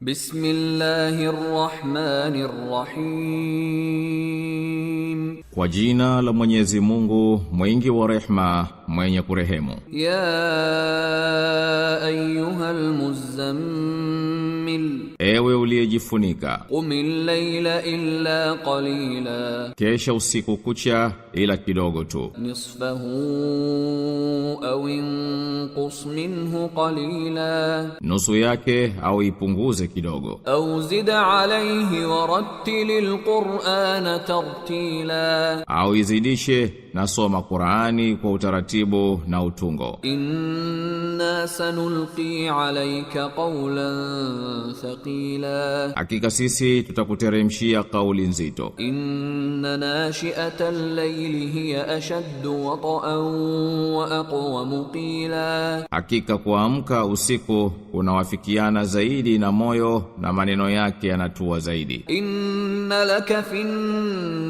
Bismillahir Kwa jina la Mwenyezi Mungu mwingi wa rehma, mwenye kurehemu Ya ayyuhal muzammil Ewe uliyejifunika Qumil layla illa qalila Kesha usiku kucha ila kidogo tu Nisfahu tanqus minhu qalila, nusu yake au ipunguze kidogo. Au zid alayhi wa rattil Qur'ana tartila, au izidishe nasoma Qur'ani kwa utaratibu na utungo. Inna sanulqi alayka qawlan thaqila, hakika sisi tutakuteremshia kauli nzito. Inna al layli hiya ashaddu wata'an wa aqwamu qila Hakika kuamka usiku unawafikiana zaidi na moyo na maneno yake yanatua zaidi. Inna laka fin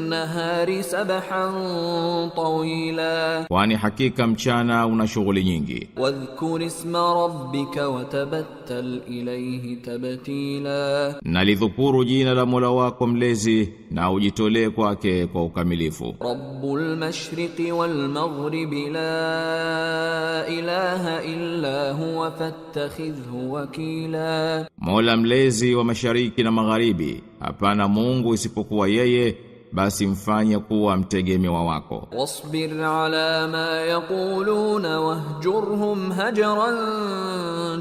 nahari sabahan tawila, kwani hakika mchana una shughuli nyingi. Wadhkur isma rabbika watabattal ilayhi tabtila, nalidhukuru jina la Mola wako mlezi na ujitolee kwake kwa ukamilifu. Rabbul mashriqi wal maghribi la ilaha illa huwa fattakhidhhu wakila, Mola mlezi wa mashariki na magharibi, hapana Mungu isipokuwa yeye basi mfanye kuwa mtegemewa wako. Wasbir ala ma yaquluna wahjurhum hajran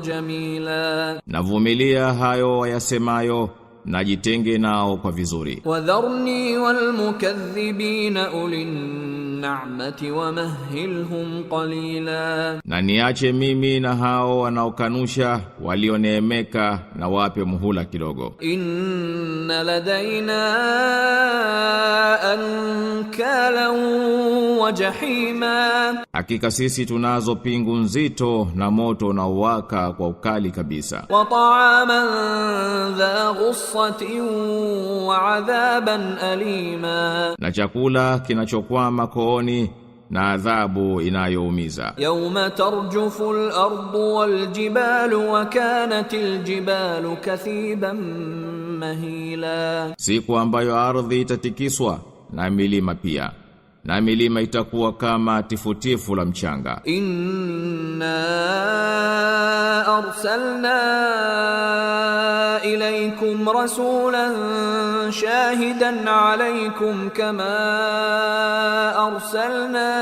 jamila, navumilia hayo wayasemayo na jitenge nao kwa vizuri. Wadharni walmukaththibina ulin ni'mati wamahhilhum qalila, na niache mimi na hao wanaokanusha walioneemeka na wape muhula kidogo. Inna ladaina ankalan wa jahima, hakika sisi tunazo pingu nzito na moto unaowaka kwa ukali kabisa. Wa ta'aman alima, na chakula kinachokwama kooni na adhabu inayoumiza. Yawma tarjufu al-ardu wal-jibalu wa kanat al-jibalu kathiban mahila, siku ambayo ardhi itatikiswa na milima pia na milima itakuwa kama tifutifu la mchanga. Inna arsalna إليكم رسولا شاهدا عليكم كما أرسلنا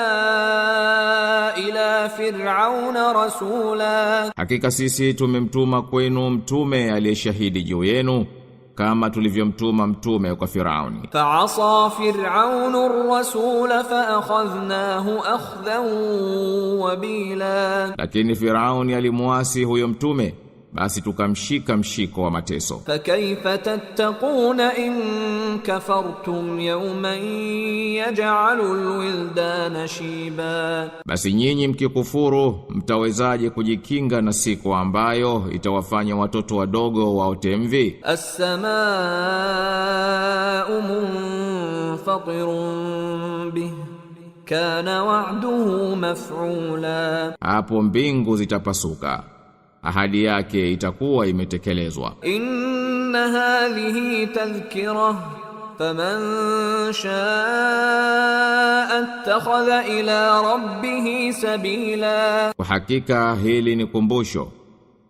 إلى فرعون رسولا حقيقة سيسي تممتوم كوينو متوم علي شهيد جوينو كما تلفيوم توم متوم فرعون فعصى فرعون الرسول فأخذناه أخذا وبيلا لكن فرعون يلي مواسي هو basi tukamshika mshiko wa mateso. Fakaifa tattaquna in kafartum yawman yaj'alu alwildana shiba, basi nyinyi mkikufuru mtawezaje kujikinga na siku ambayo itawafanya watoto wadogo waote mvi? As-samaa'u munfatirun bihi kana wa'duhu maf'ula, hapo mbingu zitapasuka ahadi yake itakuwa imetekelezwa. Inna hadhihi tadhkira faman shaa attakhadha ila rabbih sabila, kwa hakika hili ni kumbusho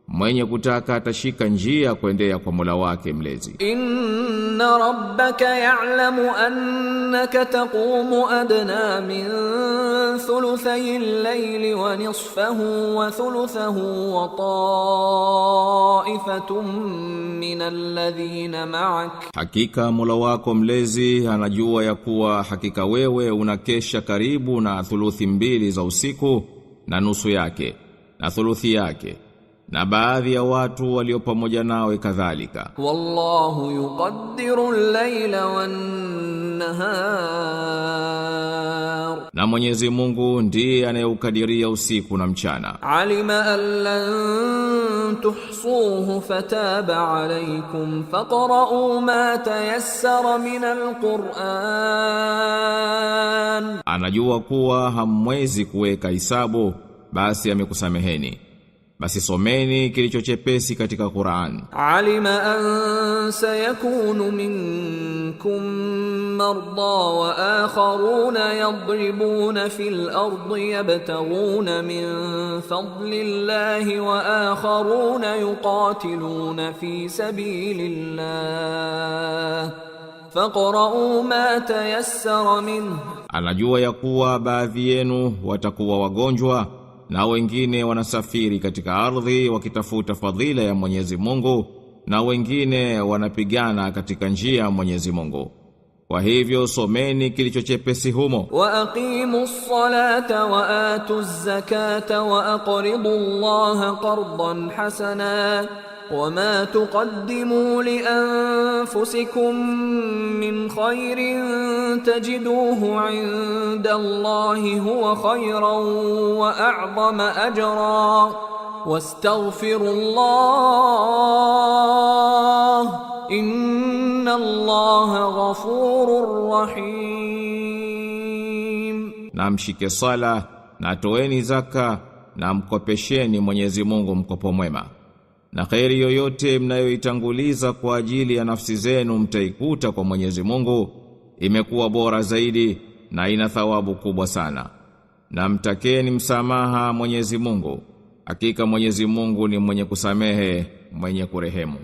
Mwenye kutaka atashika njia kuendea kwa Mola wake mlezi. Inna rabbaka ya'lamu annaka taqumu adna min thuluthay al-layli wa nisfahu wa thuluthahu wa ta'ifatun min alladhina ma'ak, hakika Mola wako mlezi anajua ya kuwa hakika wewe unakesha karibu na thuluthi mbili za usiku na nusu yake na thuluthi yake na baadhi ya watu walio pamoja nawe kadhalika. Wallahu yuqaddiru al-laila wan-nahar, na Mwenyezi Mungu ndiye anayeukadiria usiku na mchana. Alima an lan tuhsuhu fataba alaykum faqra'u ma tayassara min al-Qur'an, anajua kuwa hamwezi kuweka hisabu, basi amekusameheni basi someni kilicho chepesi katika Qur'an. Alima an sayakunu minkum marda wa akharuna yadribuna fil ardi yabtaghuna min fadlillahi wa akharuna yuqatiluna fi sabilillah faqra'u ma tayassara minhu, anajua ya kuwa baadhi yenu watakuwa wagonjwa na wengine wanasafiri katika ardhi wakitafuta fadhila ya Mwenyezi Mungu na wengine wanapigana katika njia ya Mwenyezi Mungu. Kwa hivyo someni kilichochepesi humo. Wa aqimus salata wa atuz zakata wa aqridu Allah qardan hasana وما تقدموا لانفسكم من خير تجدوه عند الله هو خيرا واعظم اجرا واستغفروا الله ان الله غفور رحيم نعم mshike صلاة na toeni zaka na mkopesheni Mwenyezi Mungu mkopo na kheri yoyote mnayoitanguliza kwa ajili ya nafsi zenu mtaikuta kwa Mwenyezi Mungu imekuwa bora zaidi na ina thawabu kubwa sana na mtakeni msamaha Mwenyezi Mungu hakika Mwenyezi Mungu ni mwenye kusamehe mwenye kurehemu